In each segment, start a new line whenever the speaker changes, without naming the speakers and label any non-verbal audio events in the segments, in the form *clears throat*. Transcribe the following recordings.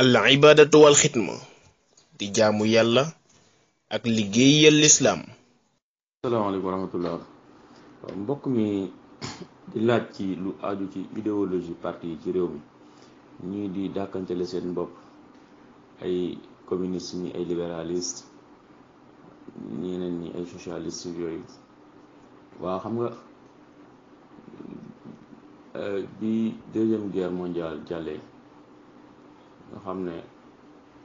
al ibadatu wal di jaamu yàlla ak liggéeyal lislaam asalaamaaleykum wa mbokk mi di laaj ci lu aju ci idéologie parti yi ci réew mi ñuy di dàkkantale seen bopp ay communiste ñi ay libéraliste ñeneen ñi ay socialiste yooyu waaw xam nga euh, bi deuxième guerre mondiale jàllee nga xam ne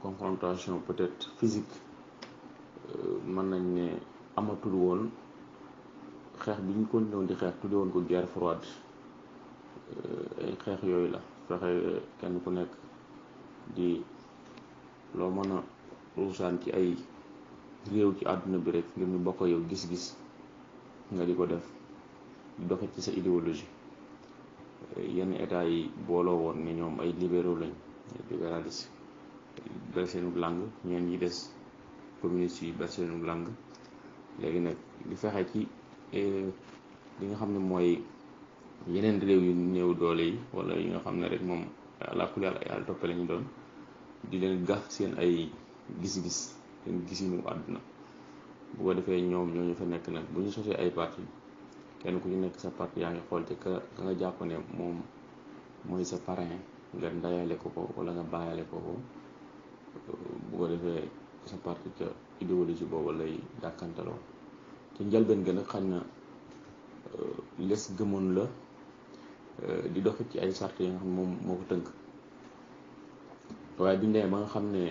confrontation peut-être physique euh, mën nañ ne amatul woon xeex bi ñu continué di xeex tuddee woon ko guerre froide euh, ay xeex yooyu la fexe kenn ku nekk di loo mën a ruusaan ci ay réew ci àdduna bi rek ngir ñu bokk yow gis-gis nga di ko def di doxe ci sa idéologie euh, yenn état yi booloo woon ne ñoom ay libéraux lañ du làng ñeen ñi des communiste yi bari seenub làng léegi nag di fexe ci euh, li nga xam ne mooy yeneen réew yu néew doole yi wala yi nga xam ne rek moom àlakulal ay àll doon di leen gax seen ay gis-gis seen gisinu àdduna bu defee ñoom ñoo ñu fa nekk nag bu ñu sosee ay parti kenn ku ñu nekk sa parti yaa ngi xool te ka ka nga jàpp ne moom mooy sa parrain nga ndayale ko ko wala nga bàyyale ko ko bu defee sa parti ca idéologie boobu lay dàkkantaloo te njalbeen gën a xañ na euh, les gëmoon la euh, di doxit ci ay sart yi nga xam moom moo ko tënk waaye biñ demee ba nga xam ne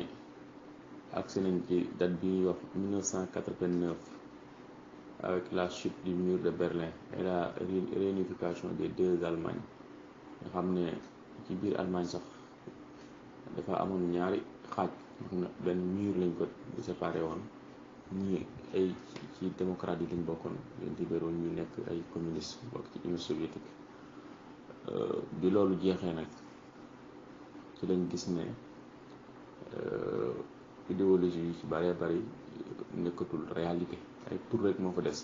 agsi nañ ci date bi ñuy wax 1989 avec la chute du mur de Berlin et la réunification des deux Allemagnes nga xam ne ci biir Allemagne sax dafa amoon ñaari xaaj benn mur lañ ko séparé woon ñii ay ci démocrate yi lañ bokkoon les libéraux ñi nekk ay communiste bokk ci Union soviétique euh, bi loolu jeexee nag ci lañ gis ne euh, idéologie yi ci bëree bëri nekkatul réalité ay tur rek moo fa des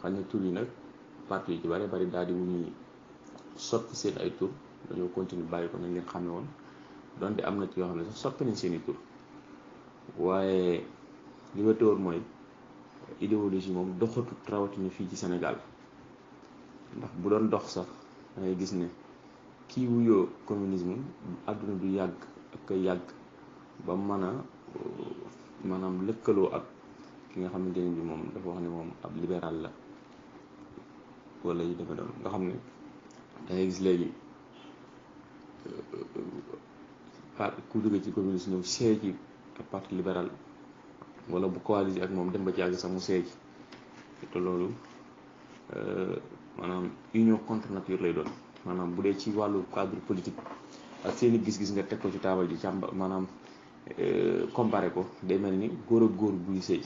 xam ne tur yi nag parti yi ci bëree bëri daal di wuñuy sotti seen ay tur dañoo continuer bàyyi ko nañ leen xam ne woon donte am na ci yoo xam ne sax soppi nañ seen waaye li ma tóor mooy idéologie moom doxatut rawatina fii ci senegal ndax bu doon dox sax da gis ne kii wuyoo communisme àdduna du yàgg ak koy yàgg ba mën a maanaam lëkkaloo ak ki nga xamante ne bi moom dafa wax ne moom ab libéral la wala yu demee doon nga xam ne da gis léegi Euh, euh, euh, ku jóge ci commune si ñëw seey ci ab parti libéral wala bu coalisé ak moom dem ba ci àgg sax mu seey te loolu maanaam union contre nature lay doon maanaam bu dee ci wàllu cadre politique ak seeni gis-gis nga teg ko ci taabal ji càmba maanaam comparé ko day mel ni góor ak góor buy sëy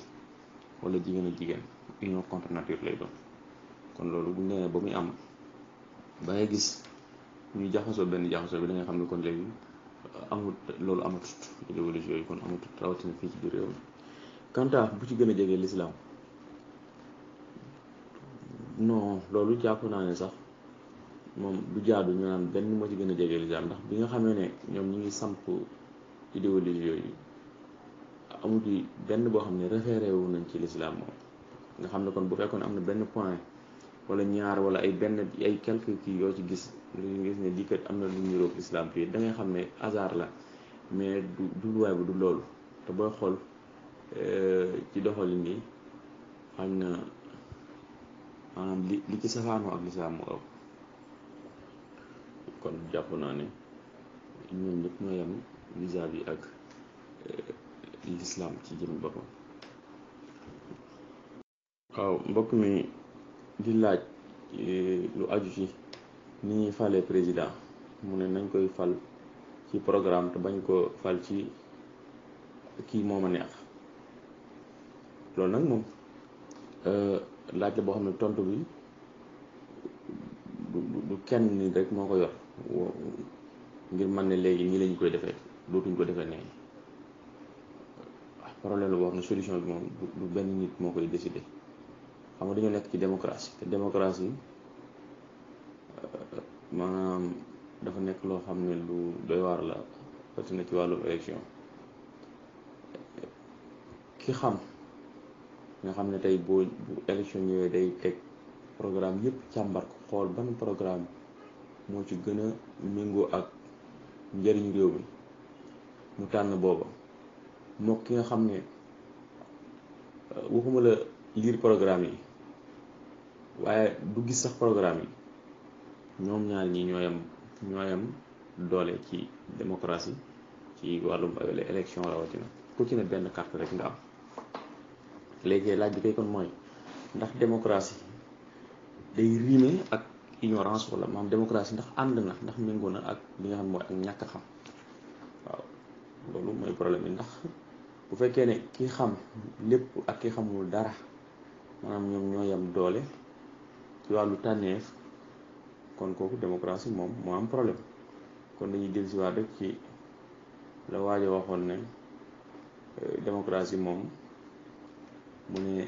wala jigéen jigéen union contre nature lay doon kon loolu bu ñu ba muy am ba nga gis ñuy jaxasoo benn jaxasoo bi da nga xam ne kon léegi euh, amut loolu amatut idéologie yooyu kon amatut rawatina fii ci biir réew mi kanta bu ci gën a jege lislaam non loolu jàpp naa ne sax moom du jaadu ñu naan benn moo ci gën a jege lislaam ndax bi nga xam ne ne ñoom ñu ngi samp idéologie yooyu amu ci benn boo xam ne référé wu nañ ci lislaam moom nga xam ne kon bu fekkoon am na benn point wala ñaar wala ay benn ay quelques kii yoo ci gis lu ñu gis ne lii kat am na lu niroog islam fii da xam ne hasard la mais du jubluwaay bi du loolu te booy xool euh, ci doxalin yi xañ na maanaam li li ci safaanoo ak lislaam moo ëpp kon jàpp naa ne ñoom ñëpp ñoo yem vis vis ak euh, lislaam ci jëm boppam waaw mbokk mi di laaj eh, lu aju ci ni fale président mu ne nañ koy fal ci programme te bañ koo fal ci kii moom a neex loolu nag moom euh, laaj la boo xam ne tontu bi du du kenn nit rek moo ko yor ngir man ne léegi nii lañ koy defee dootuñ ko defee nee problème la boo xam ne solution bi moom du benn nit moo koy décider. xam nga nekk ci démocratie te démocratie euh, maanaam dafa nekk loo xam ne lu doy waar la fëtt na ci wàllum élection ki xam nga xam ne tey boo bu élection ñëwee day teg programme yëpp càmbar xool ban programme moo ci gën a méngoo ak njëriñu réew mi mu tànn booba moo ki nga xam ne waxuma la lire programme yi waaye du gis sax programme yi ñoom ñaar ñi ñooyam yem ñoo yem doole ci démocratie ci wàllum élection rawatina ko ci ne benn carte rek nga am léegi laaj bi kay kon mooy ndax démocratie day riime ak ignorance wala maam démocratie ndax ànd na ndax méngoo na ak li xam mooy ak ñàkk xam waaw loolu mooy problème yi ndax bu fekkee ne ki xam lépp ak ki xamul dara maanaam ñoom ñoo yem doole ci wàllu kon kooku démocratie moom moo am problème kon dañuy dellusiwaat rek ci la waxoon ne euh, démocratie moom mu ne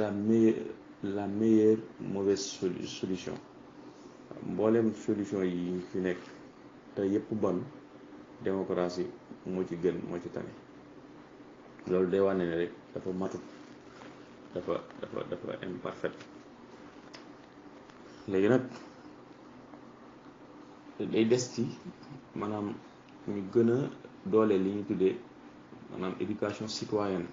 la meilleure la meilleure mauvaise solution mboolem solution yi fi nekk te yépp bon démocratie moo ci gën moo ci tane loolu day wane ne rek dafa matut dafa dafa dafa imparfait léegi nag day des ci maanaam ñu gën a doole li ñu tuddee maanaam éducation citoyenne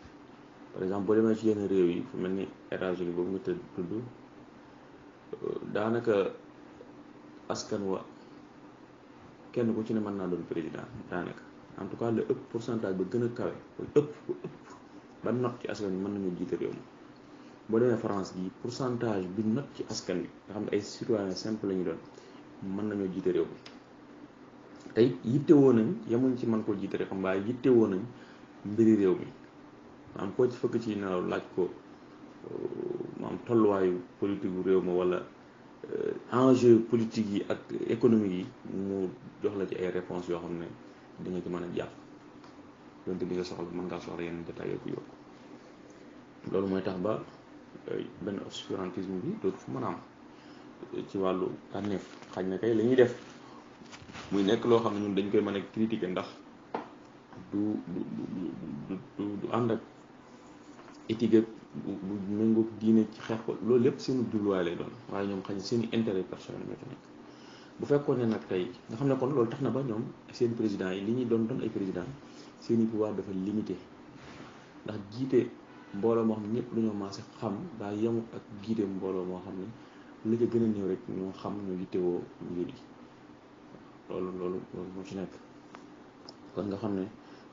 par exemple boo demee ci yenn réew yi fu mel ni états yi boobu nga tëdd tudd euh, daanaka askan wa kenn ku ci ne mën naa doon président daanaka en tout cas la ëpp pourcentage ba gën a kawe ëpp ëpp ba not ci askan wi mën nañu jiite réew mi boo demee France gi pourcentage bi not ci askan wi nga xam ne ay citoyen simple la ñu doon mën nañoo jiite réew mi tey yitte woo nañ yemuñ ci man koo jiite rek xam waaye yitte woo nañ mbiri réew mi am koo ci fëkk ci nelaw laaj ko euh, maanaam tolluwaayu politique gu réew ma wala euh, enjeu politique yi ak économique yi mu jox la ci ay réponses yoo xam ne di ci mën a jàpp donte di nga soxla mën ngaa soxla yenn détails yokku yokku loolu mooy tax ba Euh, benn obscurantisme bi dootu fu mën a ci wàllu tànneef xañ na kay la ñuy def muy nekk loo xam ne ñun dañ koy mën a critiquer ndax du du du du ànd ak éthique bu bu méngoog diine ci xeex ko loolu yëpp seenu jubluwaay lay doon waaye ñoom xañ seeni intérêt personnel ñoo bu fekkoon ne nag tey nga xam ne kon loolu tax na ba ñoom seen président yi li ñuy doon doon ay président seeni pouvoir dafa limité ndax jiite mbooloo moo xam ñëpp dañoo maase xam daa yemu ak giide mbooloo moo xam ne la ca gën a néew rek ñoo xam ñu yittewoo mbir yi loolu loolu moo ci nekk kon nga xam ne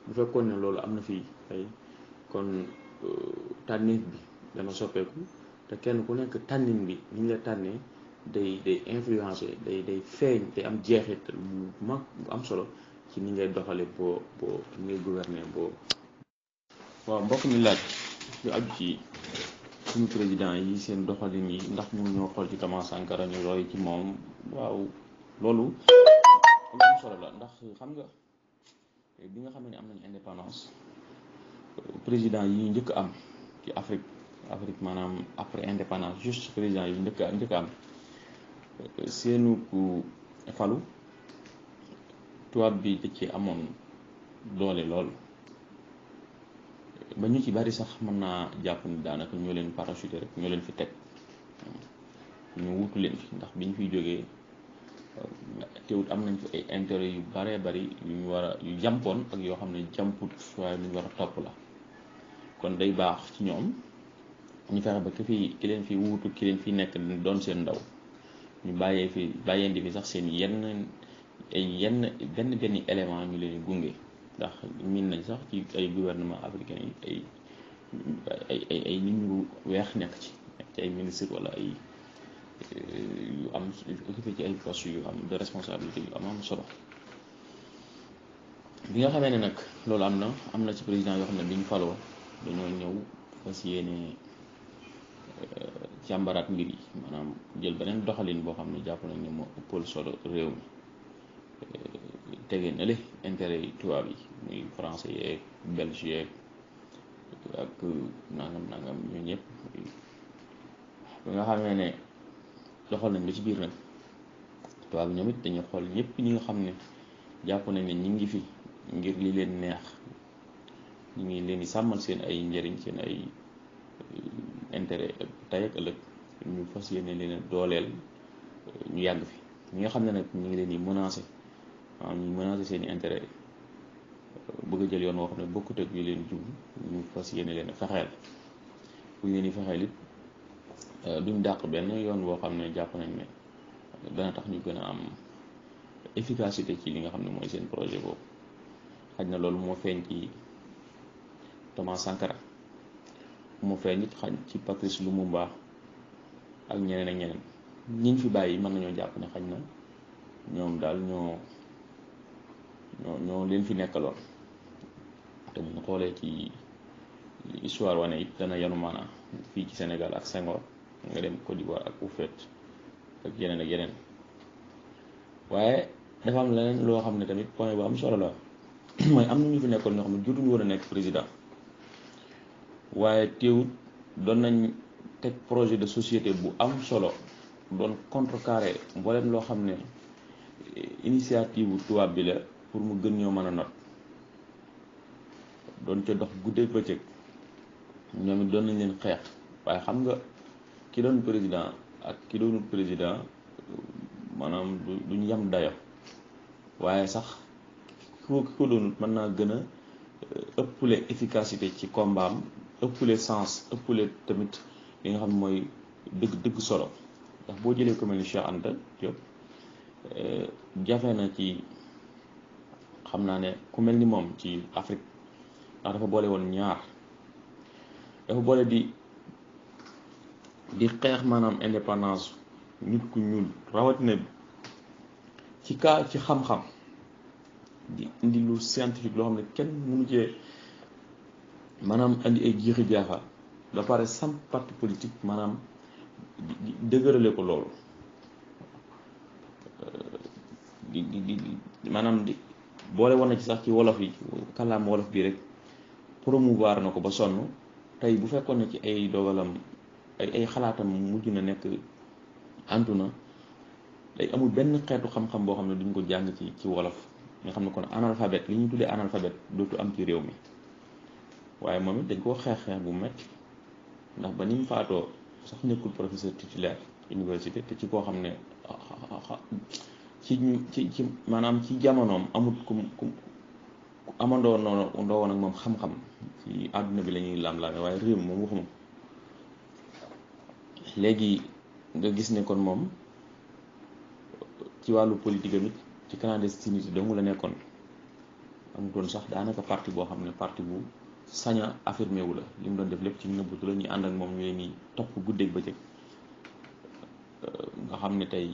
bu fekkoon ne loolu am na fii tey kon euh, tànneef bi dama soppeeku te kenn ku nekk tànnin bi ni ñu la tànnee day day influencé day day feeñ day am jeexit mu mag bu am solo ci ni ngay doxale boo boo ni ngay gouverner boo waaw mbokk mi laaj lu aju ci suñu président yi seen doxalin yi ndax ñu ñoo xool ci Thomas Sankara ñu roy ci moom waaw loolu lu am la ndax xam nga bi nga xam ni am nañu indépendance président yi njëkk am ci Afrique Afrique maanaam après indépendance juste président yi njëkk njëkk am seenu ku falu tubaab bi da ci amoon doole lool ba ñu ci bari sax mën naa jàpp ni daanaka ñoo leen parachuté rek ñoo leen fi teg ñu wutu leen fi ndax biñ fiy jógee teewut am nañ fi ay intérêt yu baree bari yu ñu war a yu jàmpoon ak yoo xam ne jàmput waaye lu ñu war a topp la kon day baax ci ñoom ñu fexe ba ki fi ki leen fi wuutu ki leen fi nekk doon seen ndaw ñu bàyyee fi bàyyeen di fi sax seen yenn yenn benn benn élément ñu leen gunge ndax miin nañ sax ci ay gouvernement africain yi ay ay ay ay weex nekk ci nekk ay ministre wala ay euh, yu am occupé ci ay post yu am de responsabilité yu am am solo bi nga xamee ne nag loolu am na am na ci président yoo xam ne bi ñu faloo dañoo ñëw fas yéene càmbaraat euh, mbir yi maanaam jël beneen doxalin boo xam ne jàpp nañ ne moo ëppal solo réew mi euh, tege na li intérêt yi tubaab yi muy français yeeg belge yeeg ak nangam nangam ñu ñëpp bi nga ne doxal nañ ba ci biir nag tubaab yi ñoom it dañu xool ñëpp ñu nga xam ne jàpp nañ ne ñi ngi fi ngir li leen neex ñu ngi leen di sàmmal seen ay njëriñ seen ay euh, intérêt tey ak ëllëg ñu fas yéene leen dooleel euh, ñu yàgg fi ñi nga xam ne nag ñu ngi leen di menacé maanaam ñu menacer seen i intérêt euh, bëgg jël yoon woo xam ne bokkut ak leen jublu ñu fas yéene leen fexeel bu ñu leen di fexeel it euh, duñ dàq benn yoon woo xam ne jàpp nañ ne dana tax ñu gën a am efficacité ci li nga xam ne mooy seen projet boobu xaj na loolu moo feeñ ci Thomas Sankara moo feeñ it xaj lu mu Lumumba ak ñeneen ak ñeneen ñiñ fi bàyyi mën nañoo jàpp ne xaj na ñoom daal ñoo ñoo ñoo leen fi nekkaloon te bu ñu xoolee ci histoire wane it dana yanu maanaam fii ci Sénégal ak Senghor nga dem Côte d'Ivoire ak Houphouët ak yeneen ak yeneen waaye dafa am leneen loo xam ne tamit point bu am solo la *clears throat* mooy am na ñu fi nekkoon ñoo xam ne jotuñu a nekk président waaye teewut doon nañ teg projet de société bu am solo doon contrecarré mboolem loo xam ne initiative bu tubaab bi la. pour mu gën ñoo mën a not doon ca dox guddeeg bëccëg ñoom it doon nañ leen xeex waaye xam nga ki doon président ak ki doonul président maanaam duñ yam dayo waaye sax ki ko ki ko doonul mën naa gën a euh, ëppule efficacité ci kombaam ëppule sens ëppule tamit li nga xam mooy dëgg dëgg solo ndax boo jëlee ko mel ni Cheikh Anta euh, jafe na ci xam naa ne ku mel ni moom ci Afrique ndax dafa boole woon ñaar dafa boole di di xeex maanaam indépendance nit ku ñuul rawatina ci kaa ci xam-xam di indi lu scientifique loo xam ne kenn mënu cee maanaam indi ay jiixi jaaxa da pare sam parti politique maanaam di dëgërale ko loolu euh, di di di maanaam di boole woon na ci sax ci wolof yi ci kàllaama wolof bi rek promouvoir na ko ba sonn tey bu fekkoon ne ci ay dogalam ay ay xalaatam mujj na nekk antu na day amul benn xeetu xam-xam boo xam ne duñ ko jàng ci ci wolof nga xam ne kon analphabète li ñu tuddee analphabète dootu am ci réew mi waaye moom it dañ koo xeex xeex bu met ndax ba ni faatoo sax nekkul professeur titulaire université te ci koo xam ne ci ñu ci ci maanaam ci jamonoom amut ku ku ku amandoo noonu ndoo woon ak moom xam-xam ci àdduna bi la ñuy laam-laame waaye réew mi moom waxuma léegi nga gis ne kon moom ci wàllu politique amit ci clandestinité dong la nekkoon am doon sax daanaka parti boo xam ne parti bu saña a affirmé la li mu doon def lépp ci nëbbatu la ñu ànd ak moom ñu leen ni topp guddeeg bëccëg nga xam ne tey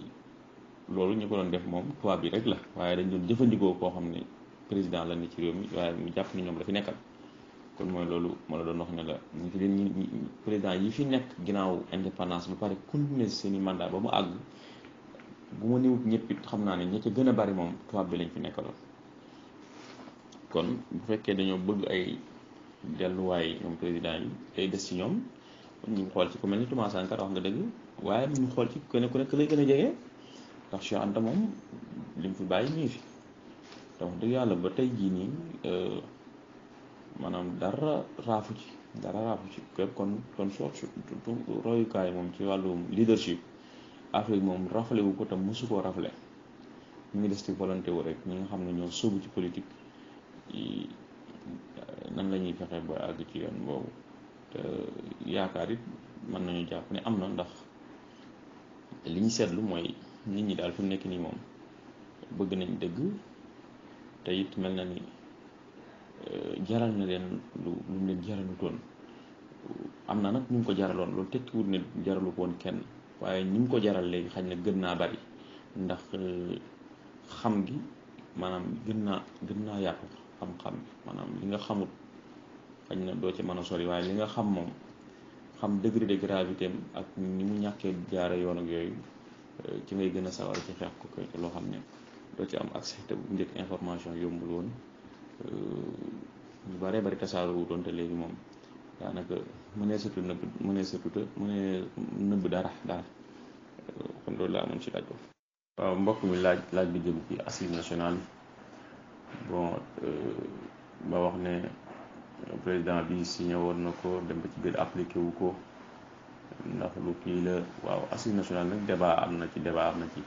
loolu ñu ko doon def moom tubaab bi rek la waaye dañ doon jëfandikoo koo xam ne président la ni ci réew mi waaye mu jàpp ni ñoom la fi nekkal kon mooy loolu ma la doon wax ne la ñu fi leen ñi président yi fi nekk ginnaaw indépendance ba pare continuer seen i mandat ba mu àgg bu ma niwut ñëpp xam naa ne ña ca gën a bari moom tubaab bi lañ fi nekkaloon kon bu fekkee dañoo bëgg ay delluwaay ñoom président yi ay des ci ñoom ñu xool ci ku mel ni Thomas Sankara wax nga dëgg waaye ñu xool ci ku ku nekk lay gën a jege. ndax Cheikh Anta moom li mu fi bàyyi ñii fi te dëgg yàlla ba tey jii nii euh, maanaam dara raafu ci dara raafu ci képp kon kon soo royukaay moom ci wàllu leadership Afrique moom rafle wu ko te mosu koo rafle ñu ngi des ci volonté wu rek ñi nga xam ne ñoo sóobu ci politique nan la ñuy fexe ba àgg ci yoon boobu te yaakaar it mën nañu jàpp ni am na ndax liñ seetlu mooy nit ñi daal fi mu nekk nii moom bëgg nañ dëgg te mel na ni euh, jaral na leen lu lu mu leen jaralutoon am na nag ñu ngi ko jaraloon loolu tekkiwut ne jaralu kenn waaye ñu ngi ko jaral léegi xañ na gën naa bari ndax euh, xam gi maanaam gën naa gën naa yàqu xam-xam maanaam li nga xamut xañ na doo ci mën a sori waaye li nga xam moom xam degré de gravité ak ni mu ñàkkee jaare yoon ak yooyu Euh, ci ngay gën a sawar ci xeex ko loo xam ne doo ci am accès te bu njëkk information yombul woon ñu euh, bare bari tasaaroo doon te léegi moom daanaka mënee surtout nëbb mënee surtout te mënee nëbb dara dara euh, kon loolu laa amoon ci laaj boobu. waaw mbokk mi laaj laaj bi jëm ki assise national bon ba wax ne président bi signé woon na ko dem ba ci biir appliqué wu ko. ndax lu kii la waaw assise nationale nag débat am na ci débat am na ci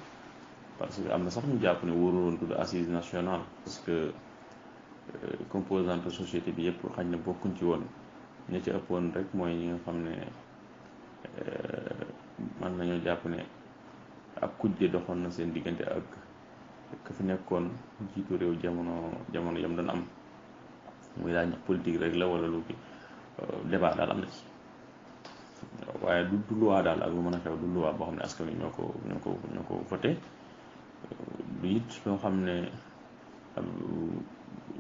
parce que am na sax ñu jàpp ne wóoruloon tudd assise nationale parce que euh, composante société bi yëpp xañ na bokkuñ ci woon ñoo ci ëppoon rek mooy ñi nga xam ne euh, mën nañoo jàpp ne ab kujje doxoon na seen diggante ak ka fi nekkoon jiitu réew jamono jamono yam doon am muy laaj ndax rek la wala lu ki euh, débat daal am na ci waaw waaye du du luwaa daal ak lu mën a xew du luwaa boo xam ne askan wi ñoo ko ñoo ko ñoo ko voté du it loo xam ne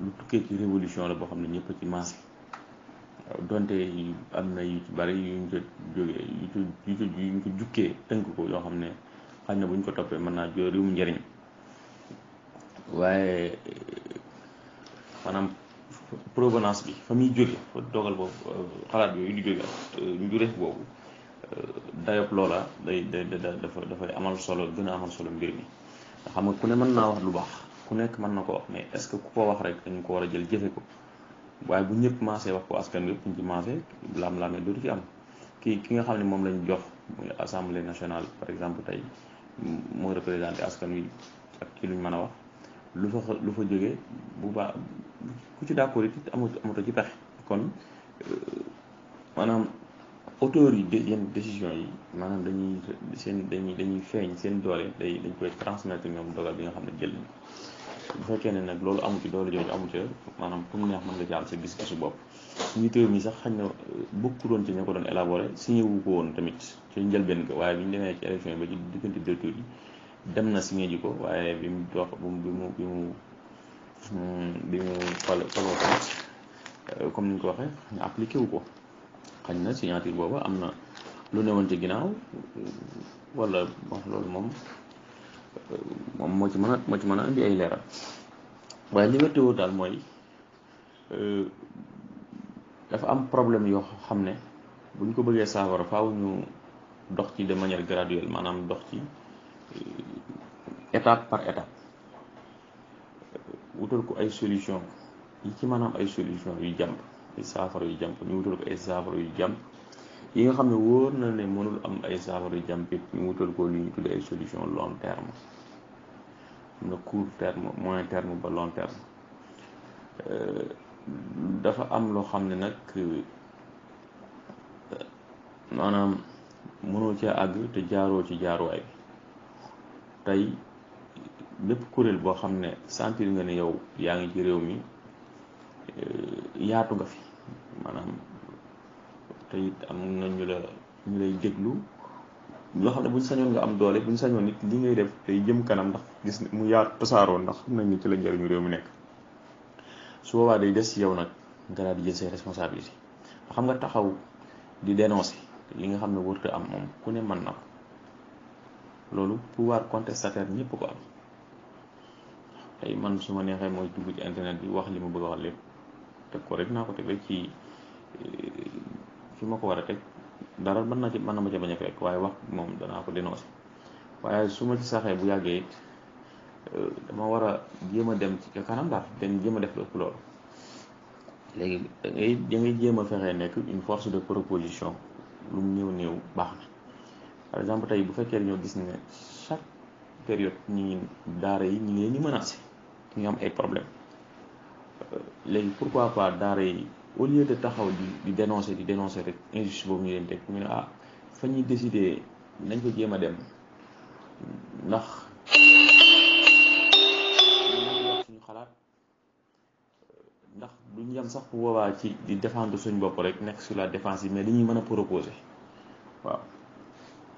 lu tukkee ci révolution la boo xam ne ñëpp ci maase waaw donte am na yu ci bari yuñ ko jógee yu ko yuñ ko jukkee tënk ko yoo xam ne xañ na buñ ko toppee mën naa jóor yu mu waaye maanaam provenance bi fa muy jóge dogal boobu euh, xalaat yooyu di jóge euh, euh, ak njureef boobu dayob loola day day dafa dafay amal solo gën a amal solo mbir mi xam nga ku ne mën naa wax lu baax ku nekk mën na ko wax mais est-ce que ku ko wax rek dañu ko war a jël jëfe ko waaye bu ñëpp maase wax ko askan yëpp ñu ci maase laam-laamee dootu ci am ki ki nga xam ne moom lañ jox muy assemblée nationale par exemple tey mooy représenté askan wi ak ci luñ mën a wax lu fa lu fa jóge bu baax ku ci d'accord it amatoo ci pexe kon euh, maanaam auteur yi de yenn décision yi maanaam dañuy seen dañuy dañuy feeñ seen doole day dañ koy transmettre ñoom dogal bi nga xam ne jël nañ bu fekkee ne nag loolu amu ci doole jooju amu ci maanaam comme neex mën nga jàll sa gis-gisu bopp ñi tëw mi sax xañ na euh, bokku doon ci ña ko doon élaboré signé wu ko woon tamit ci njëlbeen ga waaye bi ñu demee ci élection yi ba diggante deux tours yi dem na si ji ko waaye bi mu dox bi mu bi mu bi mu bi mu fal euh, comme ni ñu ko waxee appliqué wu ko xañ na signature boobu am na lu newoon ci ginnaaw wala bon loolu moom moom moo ci mën a moo ci mën a indi ay leeral waaye li wér woo daal mooy euh, dafa am problème yoo xam ne buñ ko bëggee saafara faaw ñu dox ci de manière graduelle maanaam dox ci euh, étape par étape wutal ko ay solution yi ci maanaam ay solution yu jàmp ay saafara yu jàmp ñu wutal ko ay saafara yu jàmp yi nga xam ne wóor na ne mënul am ay saafara yu jàmp ñu wutal ko lu ñu tuddee ay solution long terme am na court terme moyen terme ba long terme euh, dafa am loo xam ne nag euh, maanaam mënoo cee àgg te jaaroo ci jaaruwaay tey lépp kuréel boo xam ne sentir nga ne yow yaa ngi ci réew mi eh, yaatu nga fi maanaam te it am na ñu la ñu lay déglu loo xam ne buñ sañoon nga am doole buñ sañoon nit li ngay def day jëm kanam ndax gis mu yaatu tasaaroo ndax xam nañ ne ci la njariñu réew mi nekk su boobaa day des yow nag nga daal di jël say responsabilité xam nga taxaw di dénoncer li nga xam ne warut am moom ku ne man na ko loolu pouvoir contestataire ñëpp ko am. tey man su ma neexee mooy dugg ci internet bi wax li ma bëgg a wax teg ko rek naa ko teg rek ci eh, fi ma ko war a teg dara man naa ci mën na ma ca bañ fekk waaye wax moom danaa ko dénoncé waaye su ma ci saxee bu yàggee it eh, dama war a jéem a dem ci kanam daal dem jëm a def lépp loolu léegi da ngay da jéem a fexee nekk une force de proposition lu mu néew néew baax na par exemple tey bu fekkee ñoo gis ne chaque période ñi ngi daara yi ñi ngi mën a si ñu am ay problème euh, léegi pourquoi pas daara yi au lieu taxaw di di dénoncer di dénoncer rek injustice boobu ñu leen teg mu ne a ah, fa ñuy décider nañ ko jéem a dem ndax suñu xalaat euh, ndax duñ yem sax ku boobaa ci di défendre suñ bopp rek nekk su la défense yi mais li ñuy mën a proposer waaw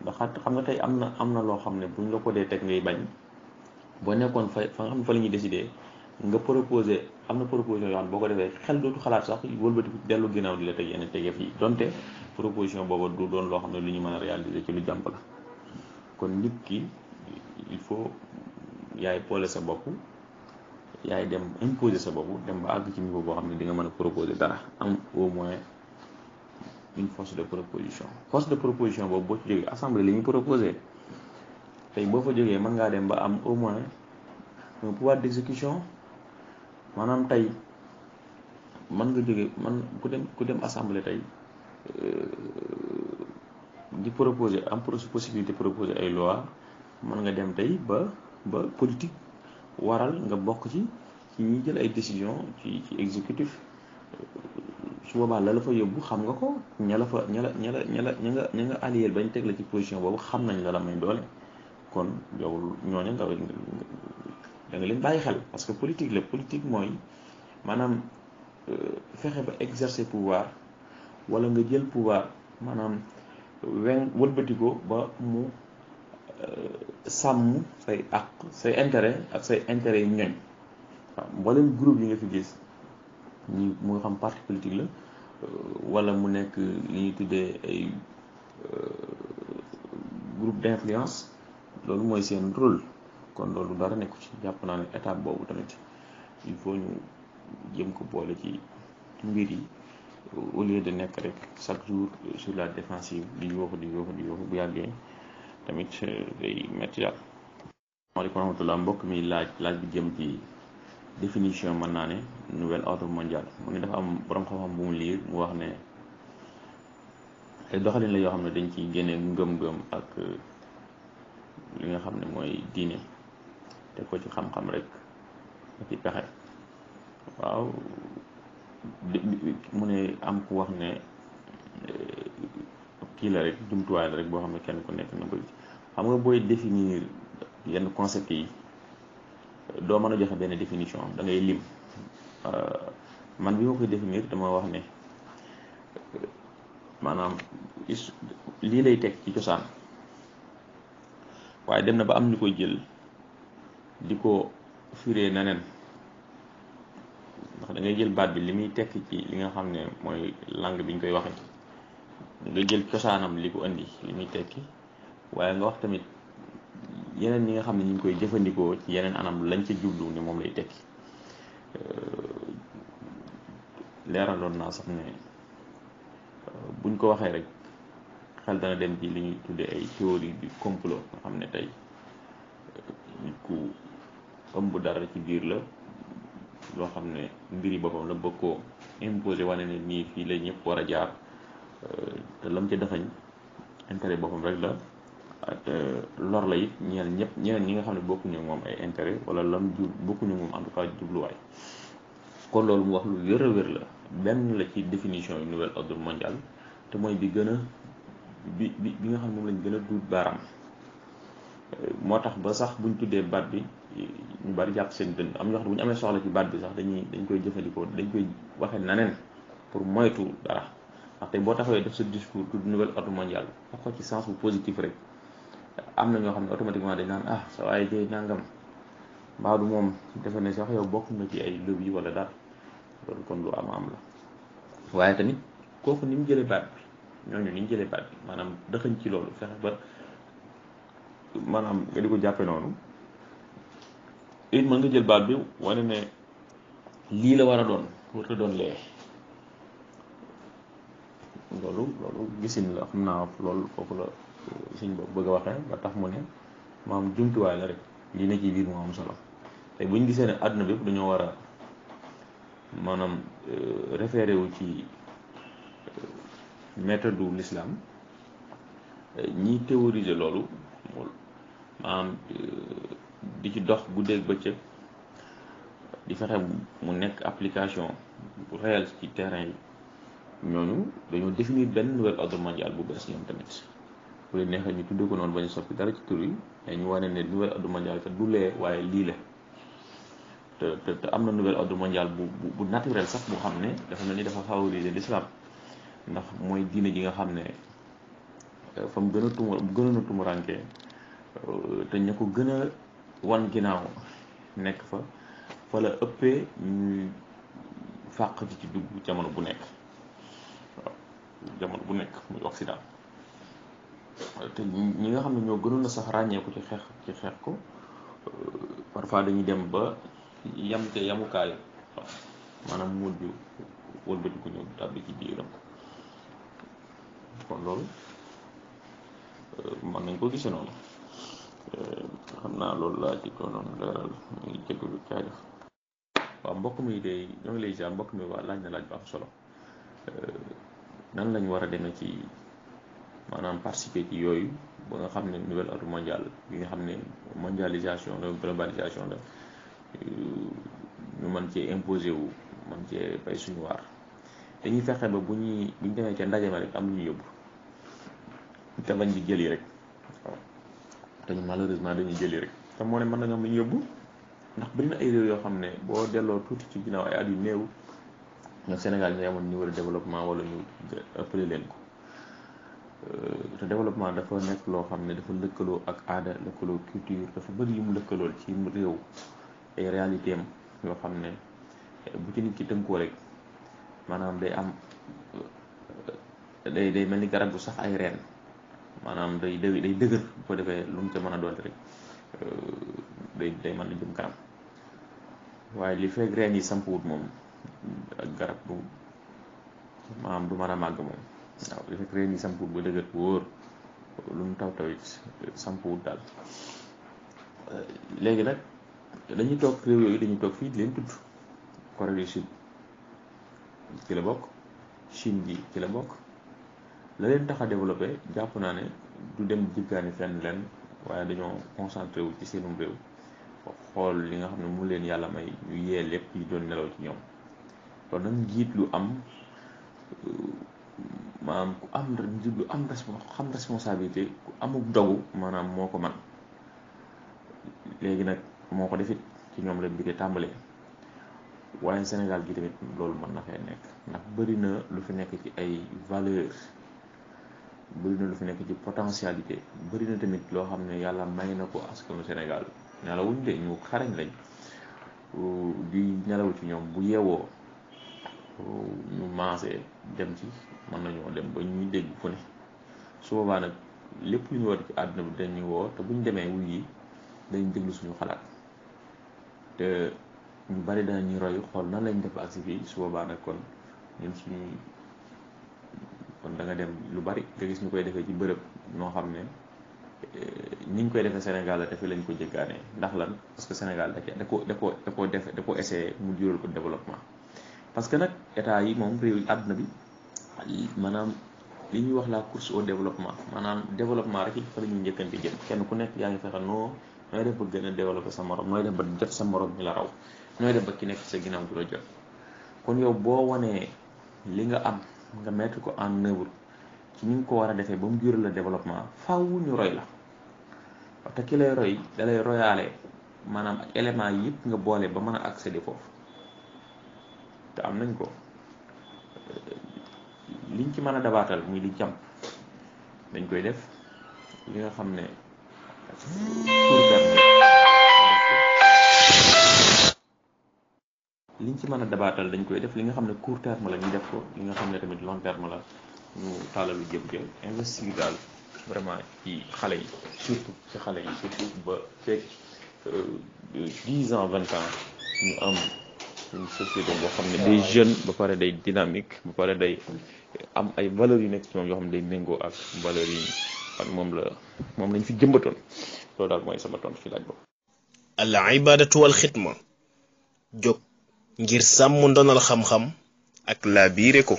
ndax xam nga tey am na am na loo xam ne buñ la ko dee teg ngay bañ boo nekkoon fa fa nga xam ne fa la ñuy décider nga proposé am na proposition yoo xam ne boo ko defee xel dootu xalaat sax wëlbatiku dellu ginnaaw di la teg yenn tegeef yi donte proposition booba du doon loo xam ne lu ñu mën a lu jàmp la kon nit ki il faut yaay boole sa bopp yaay dem imposer sa bopp dem ba àgg ci niveau boo xam ne di nga mën a proposer dara am au moins une force de proposition force de proposition boobu boo ci jógee assemblée li ñu proposé tey boo fa jógee mën ngaa dem ba am au moins un pouvoir d'exécution maanaam tey mën nga jóge man ku dem ku dem assemblée tey euh, di proposer am possibilité proposer ay loi mën nga dem tey ba ba politique waral nga bokk ci ci ñuy jël ay décision ci ci exécutif su boobaa la la fa yóbbu xam nga ko ña la fa ña la ña la ña nga ña nga bañ teg la ci position boobu xam nañ la la may doole kon yow ñooñu nga da nga leen bàyyi xel parce que politique la politique mooy maanaam euh, fexe ba exercer pouvoir wala nga jël pouvoir maanaam wen wëlbati ba mu euh, sàmm say àq say intérêt ak say intérêt yi ñoñ waaw mboolem groupe yi nga fi gis ñi mu xam parti politique la euh, wala mu nekk li ñuy tuddee ay groupe d'influence loolu mooy seen rôle kon loolu dara nekku ci jàpp naa ne étape boobu tamit il faut ñu jëm ko boole ci mbir yi au lieu de nekk rek chaque jour sur la défensive di yooxu di yooxu di yooxu bu yàggee tamit euh, day metti daal maaleykum rahmatullah mbokk mi laaj laaj bi jëm ci définition mën naa ne nouvel ordre mondial mu ngi dafa am borom xam-xam bu mu liir mu wax ne ay doxalin la yoo xam ne dañ ci génne ngëm-ngëm ak euh, li nga xam ne mooy diine te ko ci xam-xam rek ak i pexe waaw mu ne am ku wax ne eh, kii la rek jumtuwaay la rek boo xam ne kenn ku nekk na ko xam nga booy définir yenn concept yi doo mën a joxe benn définition dangay lim euh, man bi ma koy définir dama wax ne maanaam lii lay teg ci cosaan waaye dem na ba am ñu koy jël di ko firee neneen ndax dangay jël baat bi li muy tekki ci li nga xam ne mooy langue bi ñu koy waxe nga jël cosaanam li ko indi li muy tekki waaye nga wax tamit yeneen ñi nga xam ne ñu ngi koy jëfandikoo ci yeneen anam lañ ca jublu ni moom lay tekki leeraloon naa sax ne euh, buñ ko waxee rek xel dana dem ci li ñuy tuddee ay théorie du complot nga xam ne tey euh, nit ku ëmb dara ci biir la loo xam ne mbiri boppam la bokkoo koo imposé wane ne nii fii la ñëpp war a jaar euh, te lam ci defañ intérêt boppam rek la ak euh, lor la it ñeel ñëpp ñeneen ñi nga xam ne bokkuñu moom ay intérêt wala lam jub bokkuñu moom en tout cas jubluwaay kon loolu mu wax lu wér a wér la benn la ci définition yu nouvel ordre mondial te mooy bi gën bi bi bi nga xam ne moom lañ gën a duut baaraam euh, moo tax ba sax buñ tuddee baat bi ñu bari jàpp seen dënd am ñoo xam ne bu ñu amee soxla ci baat bi sax dañuy dañ koy jëfandikoo dañ koy waxee naneen pour moytu dara ndax tey boo taxawee def sa discours du nouvel ordre mondial wax ko ci sens bu positif rek am na ñoo xam ne automatiquement dañ naan ah sa waaye jëy nàngam mbaa du moom defe ne sax yow bokk nga ci ay yi wala dara loolu kon lu am am la waaye tamit kooku ni mu jëlee baat bi ñooñu ni ñu jëlee baat bi maanaam dëxëñ ci loolu fexe ba maanaam nga di ko jàppe noonu it mën nga jël baat bi wane ne lii la war a doon warut a doon lee loolu loolu gisin la xam naa loolu foofu la suñ boobu bëgg a waxee ba tax mu ne maam jumtuwaay la rek lii na ci biir moo am solo tey bu ñu gisee ne àdduna bépp dañoo war a maanaam euh, référé ci méthode du l'islam ñiy théoriser loolu maanaam euh, di ci dox guddeeg bëccëg di fexe mu nekk application bu réel ci terrain yi ñooñu dañoo définir benn nouvel ordre mondial bu bees ñoom tamit bu leen neexee ñu tudd ko noonu ba ñu soppi dara ci tur yi mais ñu wane ne nouvel ordre mondial te du waaye lii la te te am na nouvel ordre mondial bu bu naturel sax bu xam ne dafa mel ni dafa favoriser l'islam ndax mooy diine ji nga xam ne euh, fa mu gën a tumu gënoon a tumuranke euh, te ña ko gën a wan ginaaw nekk fa fa la ëppee ñuy fàq ji ci dugg jamono bu nekk jamono bu nekk muy Occident te ñi nga xam ne ñoo gënoon a sax ràññeeku ci xeex ci xeex ko euh, parfois dañuy dem ba yam te yamukaayu waaw maanaam mujj wëlbatiku ñëw tàbbi ci biiram kon loolu man nañ ko gise noonu xam naa loolu laa ci doonoon mu ngi jégalu jaajëf waaw mbokk mi de ñoo ngi lay ziar mbokk mi waa laaj na laaj bu am solo nan lañu war a demee ci maanaam participer ci yooyu ba nga xam ne nouvelle ordre mondial bi nga xam ne mondialisation la globalisation la ñu mën cee imposer wu mën cee bay suñu waar dañuy fexe ba bu ñuy ñu demee ca ndaje ma rek am lu ñu yóbbu te bañ di jëli rek waaw te ñu dañuy jëli rek te moo ne mën na am lu ñu yóbbu ndax bëri na ay réew yoo xam ne boo delloo tuuti ci ginnaaw ay at yu néew ñoom Sénégal ñooy amoon niveau de développement wala ñu ëppale leen ko euh, te développement dafa nekk loo xam ne dafa lëkkaloo ak aada lëkkaloo culture dafa bëri yu mu lëkkalool ci réew ay réalité am yoo xam ne bu ci nit ki tënkoo rek. maanaam day am day day mel ni garab gu sax ay reen maanaam day day day dëgër bu ko defee lu mu te mën a doole rek euh, day day mën a jëm kanam waaye li fekk reen yi sampuwut moom ak garab bu maanaam du mën a màgg moom waaw li fekk reen yi sampuwut ba dëgër wóor lu mu taw taw it sampuwut daal euh, léegi nag dañuy toog réew yooyu dañuy toog fii di leen tudd Corée ci la bokk Chine gi ci la bokk la leen tax a développé jàpp naa ne du dem jiggaani fenn leen waaye dañoo concentré wu ci seenum réew xool li nga xam ne mu leen yàlla may ñu yee lépp yi doon nelaw ci ñoom loolu nag njiit lu am maanaam ku am njiit lu am xam responsabilité ku amub dogu maanaam moo ko man léegi nag moo ko defit ci ñoom la mbir yi tàmbalee waaye Sénégal gi tamit loolu mën na fee nekk ndax bëri na lu fi nekk ci ay valeur bëri lu fi nekk ci potentialité bëri na tamit loo xam ne yàlla may na ko askanu Sénégal nelawuñ de ñu xarañ lañ di nelaw ci ñoom bu yeewoo ñu maase dem ci mën nañoo dem ba ñuy dégg fu ne su boobaa lépp lu ñu war ci àdduna bi dañuy woo te buñ demee wuy yi dañ déglu suñu xalaat ñu bari danañu roy xool nan lañu def ak si fii su boobaa nag kon ñun suñu kon da dem lu bari nga gis ñu koy defee ci bërëb noo xam ne eh, ni ñu koy defee Sénégal la defee lañ ko jéggaane ndax lan parce que Sénégal da ko da ko da ko def da ko mu jural ko développement parce que nag état yi moom réew yi àdduna bi maanaam li ñuy wax la course o développement maanaam développement rek fa la ñuy njëkkante jëm kenn ku nekk yaa ngi fexe noo nooy def ba gën a développé sa morom nooy def sa morom mi la raw nooy def ba ci nekk sa ginnaaw du la jot kon yow boo wanee li nga am nga mettre ko en œuvre ci ni nga ko war a defee ba mu jural la développement faaw ñu roy la te ki lay roy da lay royaale maanaam ak élément yëpp nga boole ba mën a accéder foofu te am nañ ko liñ ci mën a dabaatal muy li jàmp dañ koy def li nga xam ne liñ ci mën a dabaatal dañ koy def li nga xam ne court terme la ñu def ko li nga xam ne tamit long terme la ñu taalalu jëm jëm investir vraiment ci xale yi surtout ci xale yi surtout ba fekk euh, dix ans vingt ans ñu am société boo xam ne day jeune ba pare day dynamique ba pare day am ay valeurs yu nekk ci moom yoo xam ne day méngoo ak valeurs yi xam moom la moom lañ fi jëmbatoon loolu daal mooy sama tontu fi laaj boobu. al ibadatu wal xidma jóg ngir sàmm ndonal xam-xam ak laabiire ko